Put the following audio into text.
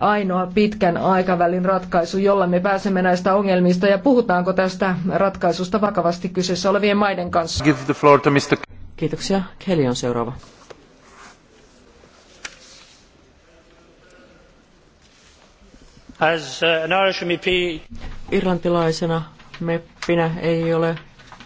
ainoa pitkän aikavälin ratkaisu, jolla me pääsemme näistä ongelmista ja puhutaanko tästä ratkaisusta vakavasti kyseessä olevien maiden kanssa. Kiitoksia. Kelly on seuraava. As uh, an Irish MEP... Irlantilaisena meppinä ei ole